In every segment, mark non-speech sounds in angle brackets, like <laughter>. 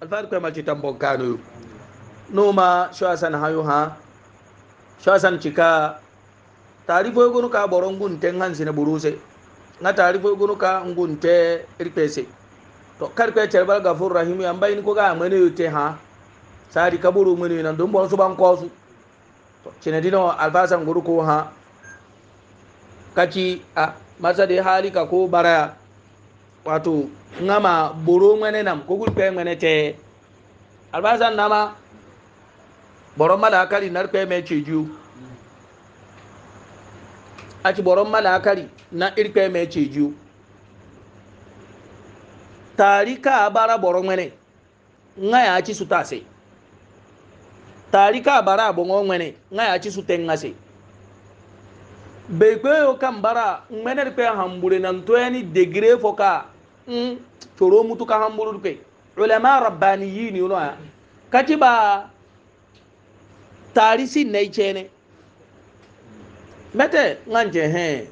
alfar ko mal citam bon kanu numa shasan hayu ha shasan cika tarifo gunu ka boron gun ten hansi na buruse nga tarifo gunu ka ngun te ripese to karpe cerbal gafur rahim yan bayin ko ga mene yote ha sari kaburu mene nan don bon su ban ko su to cinedino alfasan guru ko ha kaci a masade halika ko baraya wato ngama boro ngwene nam ko gul pe ngwene te albasan nama boron malakari nar pe me ceju aci boron malakari na irpe me ceju Tarika ka bara boron ngwene ngaya aci su Tarika tari bara abongo ngwene ngaya aci su tengase bai kweyo bara ngwene pe hambure nan 20 degree foka mm coro mutu ka hamburu kai ulama rabbaniyi ni ulo kati ba tarisi nai chene mete nganje he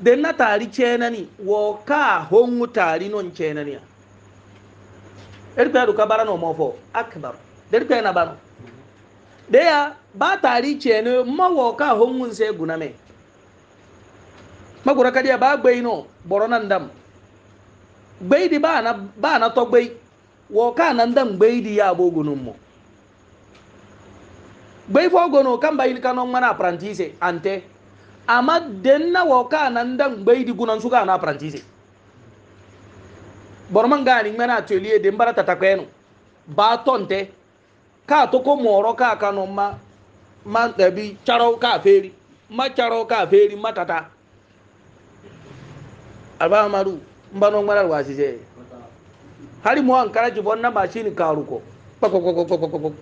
den na tari chene ni wo ka hongu tari non chene ni erpe du kabara no mofo akbar derpe na bano deya ba tari chene ma wo ka hongu se guname magura kadiya ba gbe ino boronan dam gbeidi ba na to gbei wo ka nan dan gbeidi ya bo gunun mu gbei fo gono kan bayin kanon mana apprentice ante amma den na wo ka nan dan gbeidi gunan su ka na apprentice borman gani mena atelier den bara tata kwenu ba tonte ka to ko moro ka kanon ma ma dabi charo ka feri ma charo ka feri matata alba maru mbano ngmaral wasi je hari mo ankara ji bonna ni karu ko kokokokokokok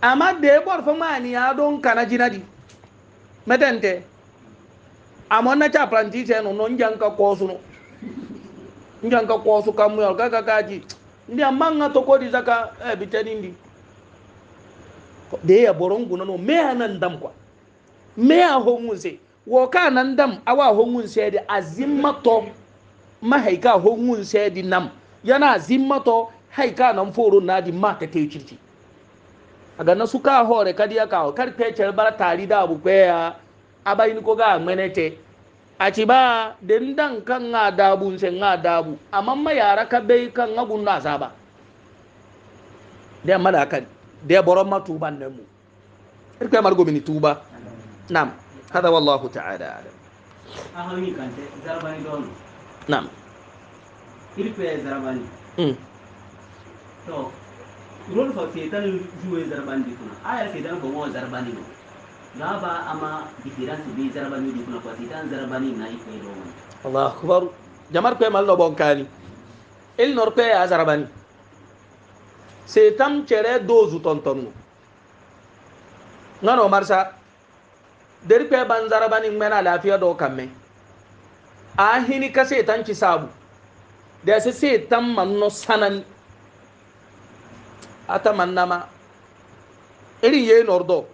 amma de bor fa mani ya don kana jinadi metente amon na cha planti se no no njanka ko suno njanka ko su kamu yal kaka kaji ndi amanga to ko di zaka e bitani ndi de ya borongu no me hanan dam kwa me a hongun se wo ka nan dam awa hongun se de azimma to ma haika ho ngun se di nam yana zimmato haika nan foro na di ma ta te circi aga na suka hore kadiya ka kar te cer bar tari da bu kweya abayin ko ga menete a ci ba den dan kan nga dabu se nga dabu amma ma yara ka bai kan nga gunna zaba da mala kan da boron matuban nan mu irkai er margo mini tuba na'am hada wallahu ta'ala alam ahani kan te zarbani don Naam. Kirfe zarabani. Mm. To rol fa setan juwe zarabani kuna. Aya setan ba mo zarabani no. Na ba ama difference be zarabani di kuna fa setan zarabani na ife do. Allahu akbar. Jamar ko mal no bonkani. Il nor ko ya zarabani. Setan chere dozu tontonu. Ngano marsa. Deri pe ban zarabani mena lafiya do kamme ahini ka setan sabu, da su setan manno sanani ata mannama irin yayi nordo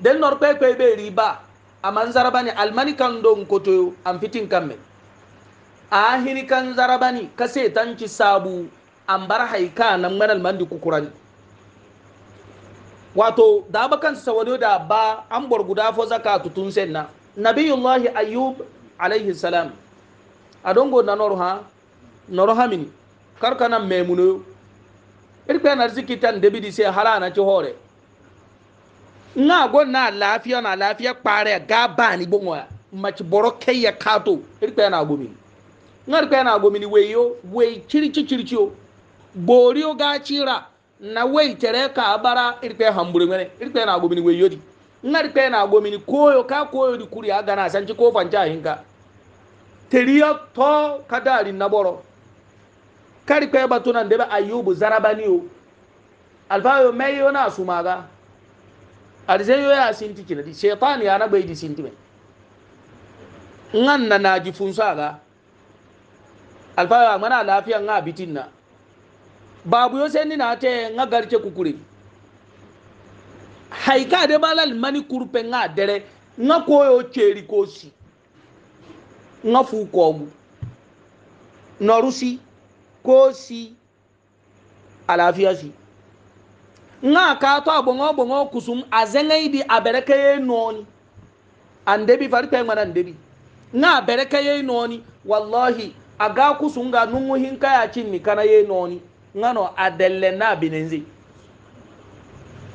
den nor kwe kwe be riba aman zarabani almani kan don koto an fitin kamme ahini kan zarabani ka setan kisabu an bar haika nan manal mandi kukurani wato da bakan sawado da ba an borguda fo zakatu tun senna nabiyullahi ayyub alayhi salam adongo go noro ha noro ha mini karkana memuno irpe na ziki tan debidi se hala na ci hore na gon na lafiya na lafiya kpare ga ba ni bongo maci boro kai ya kato irpe na gomi ngarpe na gomi ni weyo we chirichi chirichi o bori o ga chira na wei tere ka bara irpe hambure ngene irpe na gomi ni weyo di ngarpe na gomi ni koyo ka koyo di kuri aga na sanci ko fanta hinka teriyo to kadari naboro kari kwe batunan debe ayubu zarabani yo alfayo mai yo na sumaga arze yo ya sinti kina di shaitan ana na bai di sinti mai ngan na naji funsa ga alfayo amana lafiya nga bitin na babu yo sen ni na te nga garke kukure haika de balal mani kurpe nga dere nga koyo cheri kosi nga fu koogu noru si koo si alaafiya si nga kaato a boŋo boŋo kusum a zeŋey bi a berekeye nooni andebi fari kpeŋmana andebi nga berekeye nooni wallahi a gaa kusum nga nuŋu hinkaya cinni kana ye nooni nga no a delle na binenze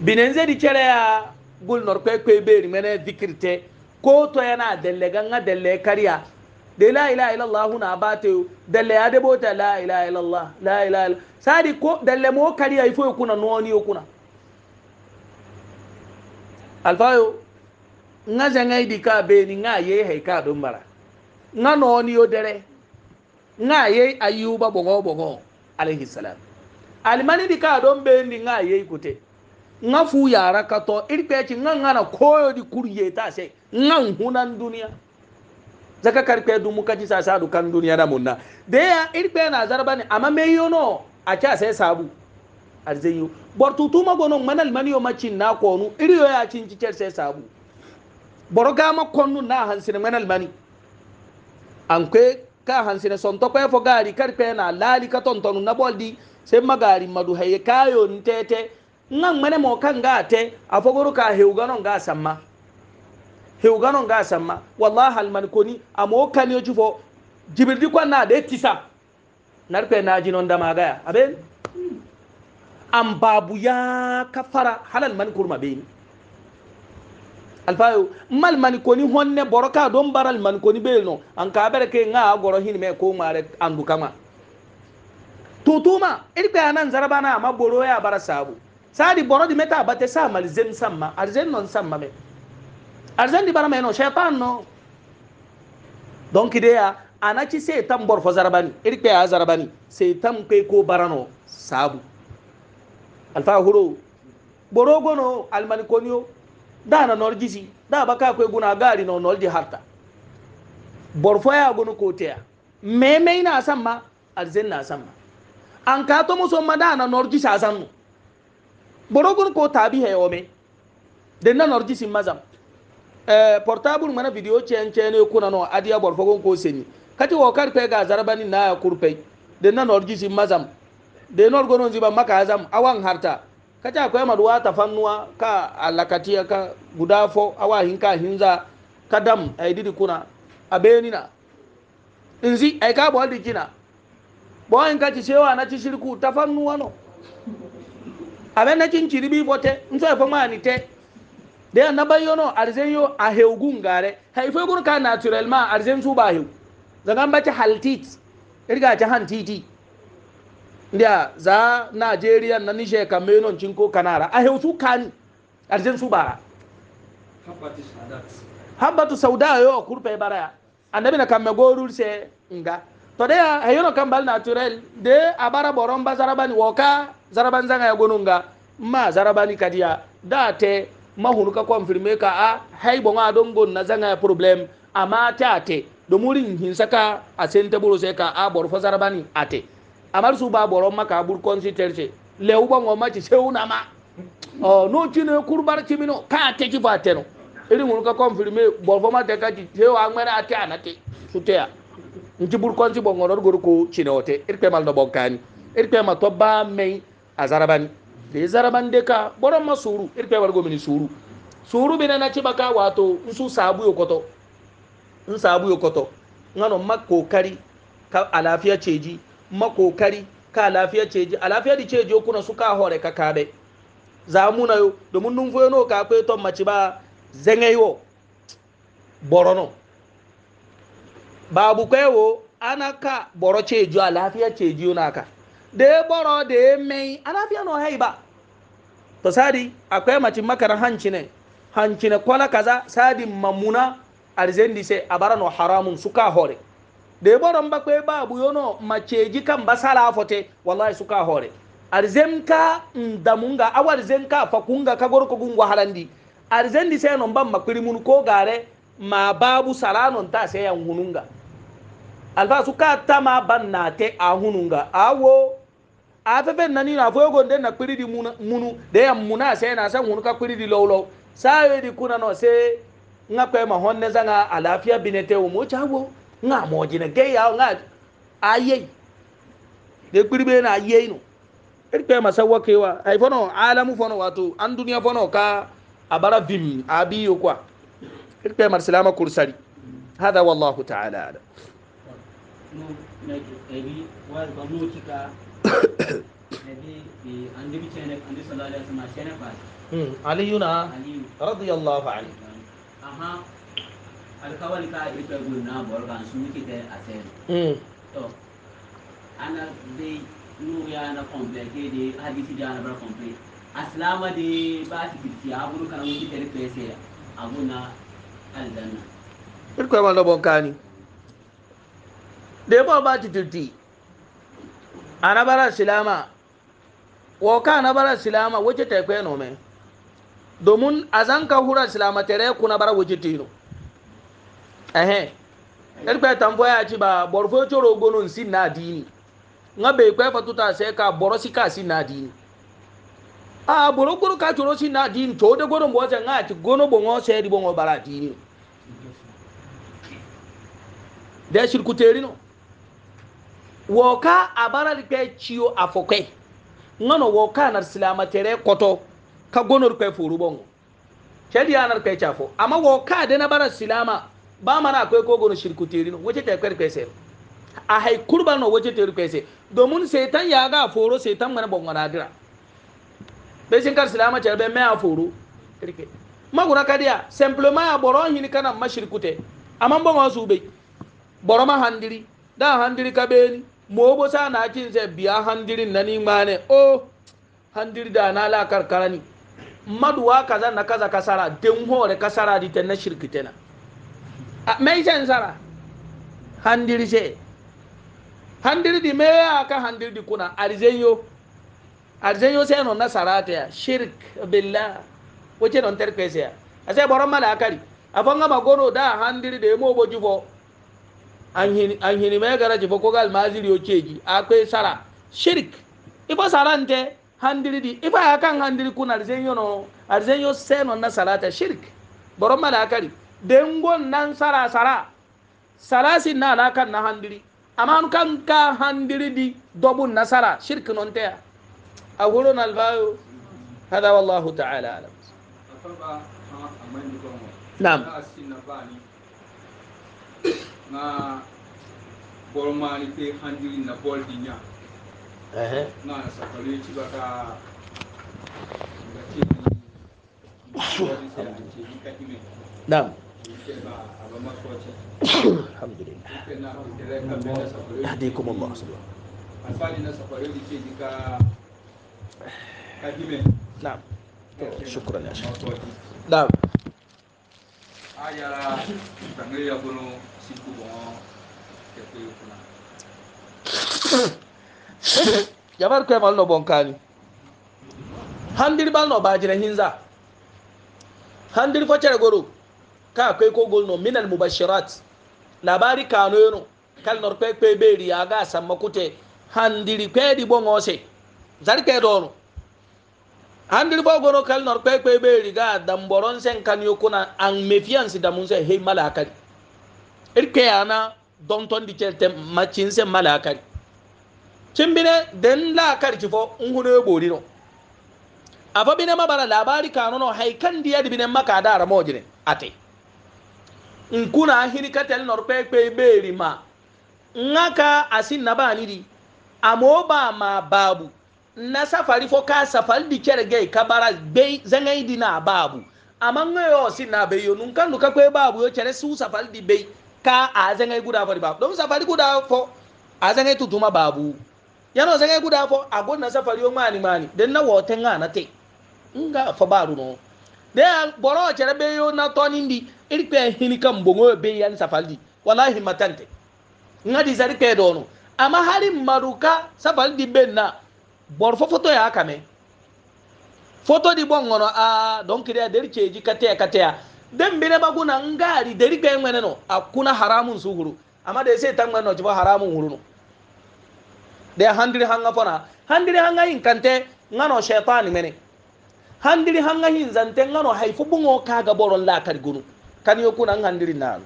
binenze di cereya gul nor kwe kwe beri mene dikirte ko to yana delle ga nga delle kariya de la ilaha illallah huna bate dalle ade bota la ilaha illallah la ilaha illallah sadi ko dalle mo kari ay foy kuna noni yo kuna alfayo nga zanga idi ka be ni nga ye he ka do mara nga noni yo dere nga ye ayuba bongo bongo alayhi salam alimani di ka do be ni nga ye ikute nga fu yara ka to irpe ci nga nga na koyo di kuriye ta se nga hunan zaka karpe du muka ci sasa du kan duniya da munna da ya irpe na zarba ne amma me yono a ca sai sabu arzeyu bortutu magonon manal maniyo macin na konu iriyo ya cin cicer sai sabu boro gama konnu na hansine manal mani an kwe ka hansine sonto kwe fo gari karpe na lali ka tontonu na boldi sai magari madu haye kayo ntete ngan mane mo kan ga te afogoro ka hewganon ga samma hewgano nga samma wallahi alman koni amo kaniyo cufo jibirdi kon na de tisa nar kwe naji non damagaya aben an babu ya kafara halal man kurma beni alfayo mal man koni honne boroka don baral man koni be no an ka bere ke nga goro hin me ko mare andu kama tutuma irpe anan zarabana ma boro ya bara sabu sadi boro di meta bate sa mal zem samma arzen non samma me arzandi barama no shaitan no don kideya anaci setan borfo zarabani irkpe a zarabani setan kwe ko barano sabu alfa huro borogono almanikonio da na norjisi da baka kwe guna gari no norji harta borfo ya gunu koteya meme ina san ma arzen na san ma an ka to muso ma da na norjisi a san no borogono ko tabi he ome den na norjisi mazam Eh, portable mana video chen chen e kuna no adiya bor fogon ko seni kati wo kar pe ga zarabani na kurpe de nan orgisi mazam de nor gonon ziba maka azam awan harta kati akwai maduwa ta fannuwa ka alakatiya ka gudafo awa hinka hinza kadam ay eh, didi kuna abenina inzi ay eh, ka bo dikina bo en kati sewa na ci shirku ta fannuwa no abe na cin ciribi bote nso fa mani te de anaba yono arzen yo a hewgun gare hay gun ka naturel ma arzen su ba hew zagan ba ci haltit irga ci hantiti ndia za nigeria na nije ka meno cinko kanara a hew su kan arzen su bara habatu sauda yo kurpe bara annabi na kamme gorul se nga to de hayono kambal natural de abara boromba zarabani woka zaraban zanga ya gonunga ma zarabani kadiya da te mahuru ka confirme ka a hay bon a don gon na zanga problem amma ta ate do murin hin saka a senta buru sai ka a bor fasar bani ate amar su ba boron maka bur consistency lewu bon o maci seuna ma o no chine kurbar chimino ka ate ki fateno irin wuru ka confirme bor fo mate ka ci sewa ngmena ate anate sutea nti bur konsi bon gorko chine ote irpe mal no bonkani irpe ma to ba mai azarabani de zarabande ka boron ma suru irpe wargo mini suru suru bina na ciba ka wato nsu sabu yo koto in sabu yo koto ngano ma kokari ka alafiya ceji ma kokari ka alafiya ceji alafiya di ceji kuna su ka hore ka kabe zamuna yo domin nun foyo no ka kwe ton maci ba zengeyo borono babu kwewo ana ka boro ceji alafiya ceji yo naka de boro de mai alafiya no hai ba to sadi akwai mace makaran hanci ne hanci ne kola kaza sadi mamuna arzendi se abara no haramun suka hore da ya boron ba kwai babu yono mace ji kan basala fote wallahi suka hore arzenka ndamunga awar zenka fakunga kagor ko gungo harandi arzendi se non ban makuri mun ko gare ma babu salanon ta se yan hununga alfa suka tama ban na te a hununga awo afefe nani na afo yogo na kpiri di munu de ya muna sai na san hunu ka kpiri di lawlaw sai di kuna no sai nga kwe ma honne zanga alafiya binete wo mo chawo nga mo jine ge ya nga aye de kpiri be na aye no eri kwe ma sawa kewa ai fono alamu fono watu an duniya fono ka abara vim abi yo kwa eri kwe ma salama kursari hada wallahu ta'ala ಅಲಿಯುನ ರದಿಯಲ್ಲಾಹು ಅಲಿ ಅಹಾ alkawali ka ita gurna borban su miki da asen hmm. to ana de nu ya na complete de hadisi da na bar complete aslama de ba ti kirti abu kan mun ki tare pese abu na aljanna ir ko ma lobon kani de ba ba ti anabara silama woka anabara silama wace ta kwe no me domin a zanka hura silama tere kuna bara wace tino ehe ẹgbẹ́ tambo ya ci ba borfo choro ogono nsi na adini nga bai kwe fatuta sai ka borosika si na adini a boro kuru ka choro si na adini to de gono mbo nga ci gono bongo se di bara adini de shirku terino woka abaral kwe ciyo afokai ngano woka nar silamatere koto ka gonor kwe furu bongo shedi yanar kwe chafo amma woka de na bara silama ba mana akwai ko gonor shirku terino wace ta kwe kwe sai a hai kurba no wace ta kwe sai domin setan ya ga foro setan mana bongo na dira be sin silama tere be me a foro kirke maguna kadiya simplement ya boro hin kana mashirkute amma bongo su be boro ma handiri da handiri ka beni mobo sa na kin sai biya handirin na ni ne o oh, handir da na la karkara ni maduwa kaza na kaza kasara den hore kasara di tan na shirkitena a mai sen sara handir se handir di me aka handir di kuna arzenyo arzenyo sai no na sarata ya shirk billah wace don tarkese ya a sai boron malakari a fanga magoro da handir da ya mobo jifo an hini mai gara ci fako gal maziri yo keji akwai sara shirk ifa sarante handiri di ifa ya kan handiri kun arzenyo no arzenyo seno na sarata shirk boron ma da kari dengon nan sara sara sarasi na na kan na handiri amma kan ka handiri di dobun nasara shirk non te. a wurin albayo hada wallahu ta'ala alam Nam. nga bol mani pe handiri na bol di nya ehe nga na sakali ci baka nga ci Naam. Alhamdulillah. Hadikum Allah subhanahu afanye na safari hii pia jika kadime naam shukrani asha naam aya h tangalia k u n h jabar <coughs> kwe mal no ni handir bal no bajira hinza handir ko cere goro ka kai ko gol no minal mubashirat labari kano yono kal nor pe pe beri aga samma kute handiri kwe di bon ose zarke dono handiri bo goro kal nor pe pe beri ga damboron sen kan yokuna an mefiance da mun sai hey malakari irke yana don ton di celte macin se malakari cimbine den lakari cifo nhunu ya gori no afa bine mabara labari kanu no haikan diya di bine maka da aramo jine ate nkuna hini katel norpe pe beri ma ngaka asin nabani di amoba ma babu na safari fo ka safari di kere gai kabara bai zangai di na babu amma ngayo sin na bayo nun kan duka kwe babu yo kere su safari di bai ka a zengai guda fari babu don safari guda fo a zengai tutuma babu yana zengai guda fo a gonna safari yo mani mani den na woten ga na te nga fo baru no de boro chere be yo na toni ndi irpe hini kan bongo be yan safari wallahi matante nga di zari pe do no amma hari maruka safari di ben na bor fo foto ya kame foto di bongono a ah, don kire der ceji katea katea den bine baguna ngari deri gbe ngwene no akuna haramun su huru amma da sai tan ngwene no jibo haramun huru no de handiri hanga fona handiri hanga yin kante ngano shaytan mene handiri hanga hin zante ngano haifu bungo kaga boron la kar gunu kan yo kuna handiri na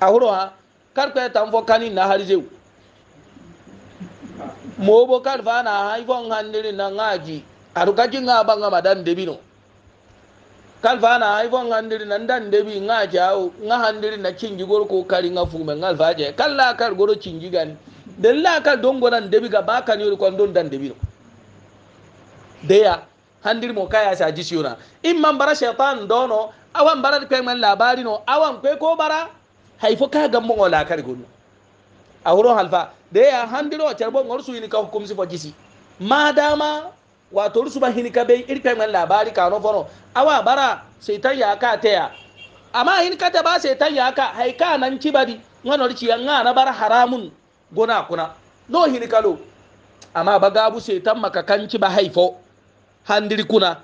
a huru ha kar ko tan fo kanin na harje mo bo kar fa na haifon handiri na ngaji arukaji ngaba ngama dan debino kalfana aifon handiri nan dan debi nga jawo nga handiri na cinji gor ko kari nga fume nga alfaje kalla kar goro cinji gan den la kal don goran debi ga baka ni ko don dan debi no deya handiri mo kaya sa jisiona imman bara shaytan dono awan bara pe man labari no awan pe ko bara haifo ka ga mo la kar gonno a huro halfa deya handiro charbo ngor suini ka hukum si fo jisi ma wato rusuba hinika bai irkan nan labari kano fono awa bara sai tan ya ka taya amma hinika ta ba sai tan ya ka haika nan kibari ngano rici yan na bar haramun gona kuna no hinika lo amma bagabu sai tan makakan kiba haifo handir kuna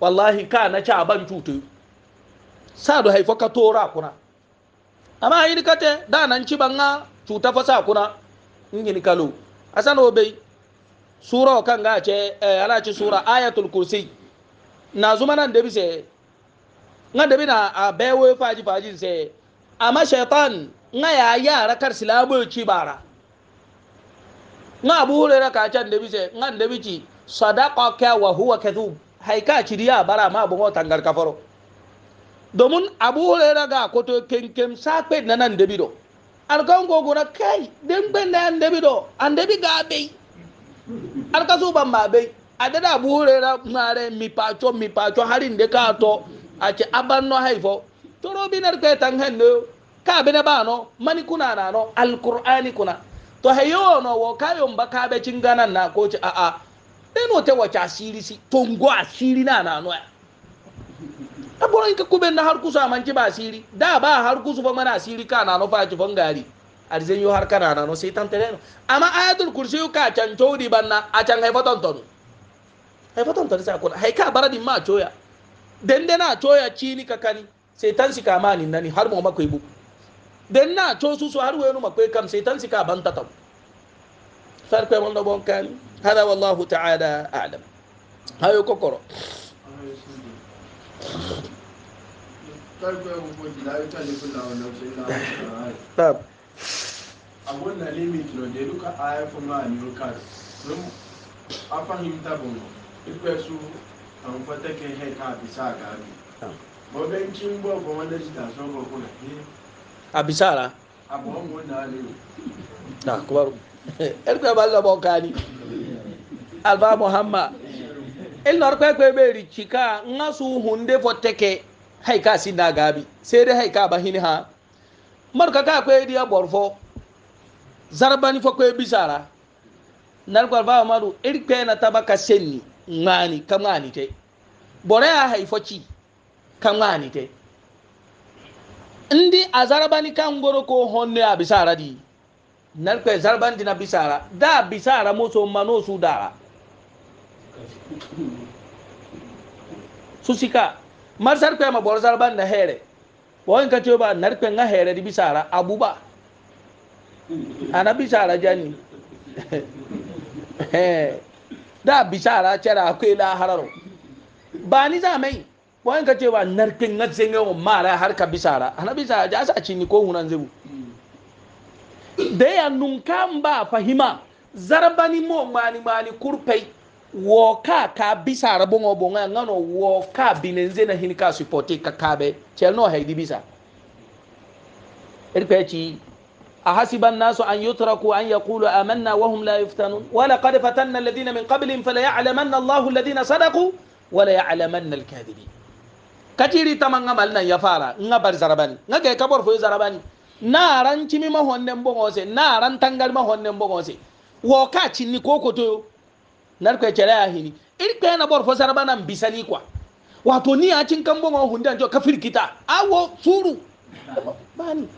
wallahi ka na ci aban cutu sadu haifo ka tora kuna amma hinika ta da nan kiban cuta fasa kuna in hinika lo asan obei sura o kanga ce eh, ala ce sura ayatul kursi na zuma nan da bise nga da bina a bewo faji faji se amma shaitan nga ya yara kar silabo ci bara nga abu hurera ka can da bise nga da bici sadaqa ka wa huwa kadhub haika ciriya bara ma bu tangar kafaro domin abu hurera ga koto kenkem sakpe nan da bido alkan gogora kai dimbe nan da bido an debi bi ga bai alkasu ban babe a dada bure ra mare mi pacho mi pacho harin de ka to a ce aban no haifo toro binar kai tan hanno ka bina ba no mani kuna na no alqur'ani kuna to hayo no wo kayon ba ka be cinganan na ko ci a a deno te wace asiri si tongo asiri na na no aboran ka kuben na har kusa manci ba asiri da ba har kusu fa mana asiri ka na no fa ci fangari arzen yo har kana nano sai tan tere no amma ayatul kursi ka can chodi banna a can hay foton tonu hay foton tonu sai ko hay ka baradi ma choya den den na choya chini kakani sai tan sika mani nani har mo makoy bu den na cho su su har wenu makoy kam sai tan sika banta taw farko mon do kan hada wallahu ta'ala a'lam hayo kokoro طيب abun na limit no de duka aya kuma a new card rum a fahimta bun ikwe su an fata ke he ka bisa gabi mabancin bo ko wanda shi ta so ko kuna a bisa ra abun mun na ne na kuma erbe ba la bon kani alba muhamma il nor kwe kwe beri chika ngasu hunde foteke haika sinda gabi sede haika bahini ha marka ka kwe dia borfo zarbani fo kwe bisara nar gwarba maru iri kwe na tabaka senni ngani kamani te bore ya haifo ci kamani te ndi a zarbani kan goro ko honne a bisara di nar kwe zarbani na bisara da bisara moso mano su dara susika mar sar kwe ma bor zarbani na here wọn ka ce ba narpe nga here di bisara abuba ana bisara jani da bisara cera akwai la hararo ba ni za mai wọn ka ce ba narpe nga zenga o mara har bisara ana bisara ja sa cini ko hunan zebu da ya nunkan ba fahima zarbani mo mani mani kurpai wɔ kaa kaa bisa arabo ŋa bɔ ŋa ŋa nɔ wɔ kaa binenze na hin kaa supporte ka kaa bɛ kyɛl nɔ ha idi bisa eri kpɛ kyi أحسب الناس أن يتركوا أن يقولوا آمنا وهم لا يفتنون ولقد فتنا الذين من قبلهم فليعلمن الله الذين صدقوا وليعلمن الكاذبين كثير تمام عملنا يفارا نبر زرباني نجا كبر في زرباني نارن تيمي ما هون نمبو غوسي نارن تنقل ما هون نمبو غوسي وكاتشي نيكوكو تو narkwe chere ya hini irkwe na bor fosara bana mbisani kwa wato ni a cin kambon wa hunda jo kafir kita awo suru bani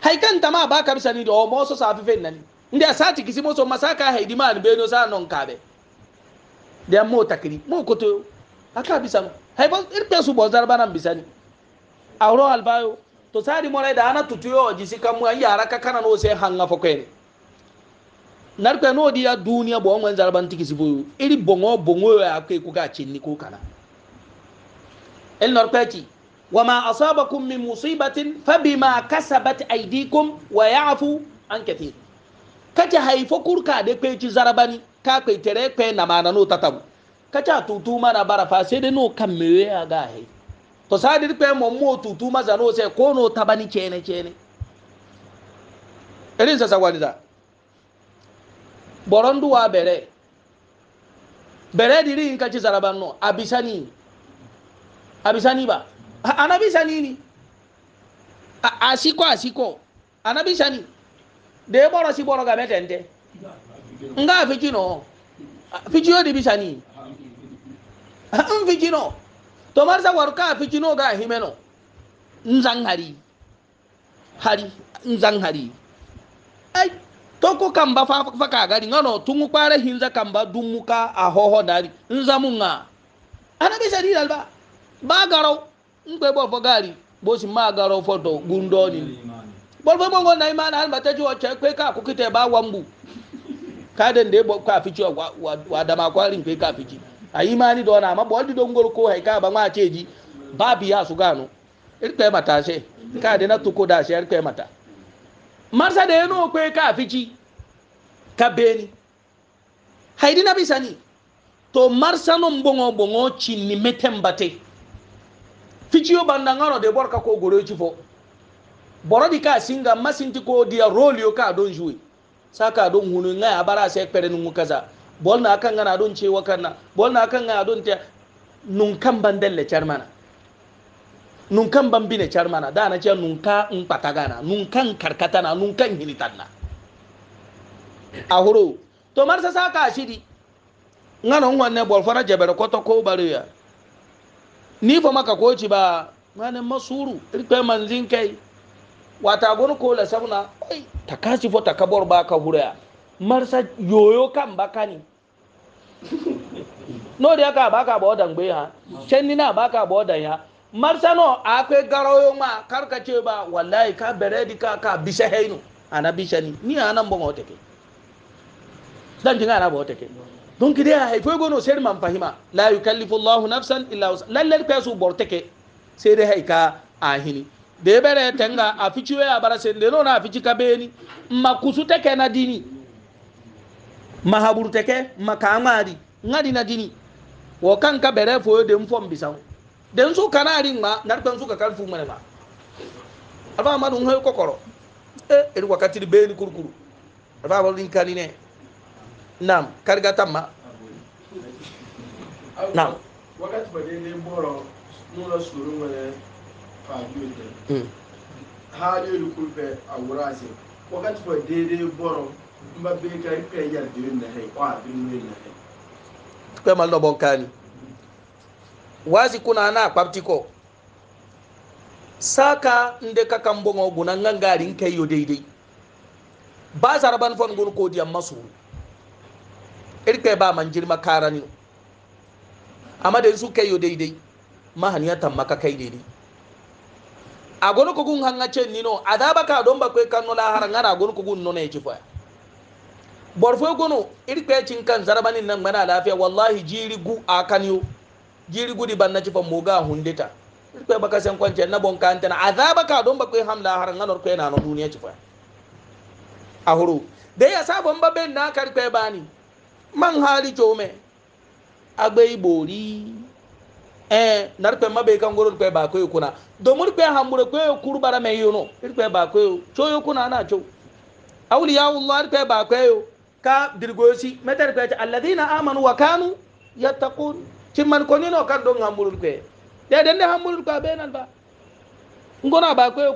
haikan ta ma ba ka bisani da o mo so safi fen nan inda ya sati kisi mo so masaka haidi man be no sa non kabe da mo takri mo koto aka bisan hay ba irkwe su bozar bana bisani awro albayo to sari mo da ana tutuyo jisi kamu ayi araka kana no sai hanga fo narka no dia duniya bo ngwan zarban tiki sibo iri bongo bongo ya kai ku ga cinni ko kana el narpati wama asabakum min musibatin fabima kasabat aydikum wa ya'fu an kathir kace haifo kurka da kai ci zarabani ka kai tere kai na mana no tatabu kace tutu mana bara fa sai dai no kan mewe ya ga hai to sadir kai mo mo tutu maza no sai ko no tabani kene kene irin sa sawani da boron duwa bere bere diri in kaci zaraban no abisani abisani ba anabisani ni asiko asiko anabisani de boro si boro ga metente nga afiji no afiji yo dibisani afiji no to mar sa waruka afiji no ga himeno nzang hari hari nzang hari ai toko kamba fa fa kagari ngano tungu kware hinza kamba dumuka ahoho dari nza munga anabe sadi dalba ba garo bo fo si ma bo na imana alba teji wo chekwe ka kukite ba wambu kaden de ka fichi wa wa dama kwari ngbe ka fichi a imani do na ma bo di do ngol ko hay ka ba ma cheji babi ya su gano mata marsa da yano kwe ka fiji ka beni haidi na ni to marsa non bongo ci chinni meten bate fiji yo banda ngano de borka ko goro fo boro di ka singa masinti ko dia role yo ka don jouer ka don hunu ngai abara sai pere nun kaza bol na kan ngana don ce wakanna bol na kan ngana don te nun kan bandelle charmana nunkan ban bine charmana da na ce nunka in patagana nunkan karkatana nunkan hinitanna a huro to marsa saka shidi ngana wanne bolfara jebere koto ko ya. ni fa maka koci ba ngana masuru irpe manzin kai wata gon ko la sabna ai takasi fo takabor ba ka hura marsa yoyo kan bakani no da ka <laughs> baka bodan gbe ha cenni na baka bodan ya marsano a kwe garayo ma karka ce ba wallahi ka bere di ka ka bisa hainu ana bisa ni ni anan bon wata dan tinga ana ba wata ke don ki dai haifo gono sai man fahima la yukallifu Allahu nafsan illa wusa lalle ka su borte ke sai dai haika ahini da bere tanga a fici waya bara sai da nona a fici ka beni ma kusu take na dini ma habur take ma ka ngadi ngadi na dini wo kan ka bere foyo de mfon bisawo den su kana rin ma narkan su ka kalfu mana ma aba ma dun hoy kokoro e eh, iri wakati be ni kurkuru aba ba rin kani ne nam karga tamma nam wakati ba ne boro nuna suru wala fa yode hmm. ha yode kurbe awurase wakati ba daidai boro mba be kai kai yardin na hay kwa bin ne na hay mal do bonkani wazi kuna ana kwabtiko saka nde kakan bongo guna ngangari kai yo daidai ba zarban fon gun ko diyan masu irkai ba man jirma karani amma da su kai yo daidai mahaniya tammaka kai daidai a gonu kugun hanga cen nino adaba ka don bakwai kanno la har ngara gonu kugun no ne ci fa borfo gonu irkai cin kan zarbanin nan mana lafiya wallahi jiri gu a jiri gudi banna ci fa moga hundita ko baka sen kwance na bon kan tan azaba ka don bakwai hamla har nganor ko na no duniya ci fa ahuru de ya sabon babe na kar ko bani man hali chome agbei bori eh nar pe mabe kan gorol ko ba ko kuna domur pe hamure ko kurbara me yono ir ko ba ko choyo kuna na cho awliyaullah ir ko ba ko ka dirgosi metar ko alladina amanu wa kanu yattaqun cimman koñono kan ɗon hamburul kue ɗeɗen nde hamburul ko a ɓenan ba gona ba koyo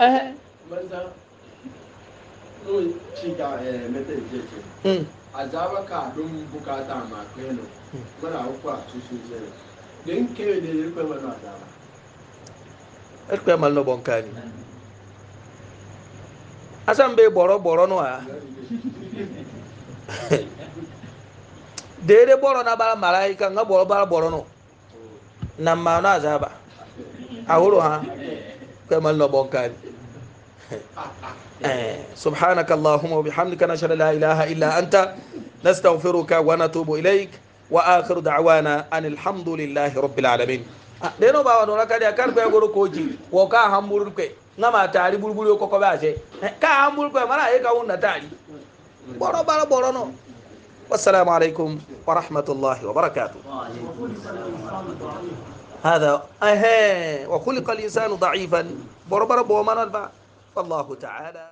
ehe a zaba ka ɗum bukata ma kweno gona hukwa susu zai ɗin kewe da yi kwe mana zaba ekwe eh, mal no bonkani asan boro boro no ah. dede boro na bara malaika nga boro bara boro no na ma na azaba ahuru ha kai man lo bon kai سبحانك اللهم وبحمدك نشهد لا إله إلا أنت نستغفرك ونتوب إليك وآخر دعوانا أن الحمد لله رب العالمين deno ba wa nora kadi kar be goro koji wo ka hamburu ke ngama tari burburu ko ko ba se eh, ka hamburu ko mara e ka wonna tari boro bara boro no والسلام عليكم ورحمة الله وبركاته هذا أهي وخلق الإنسان ضعيفا بربر بومان البعض فالله تعالى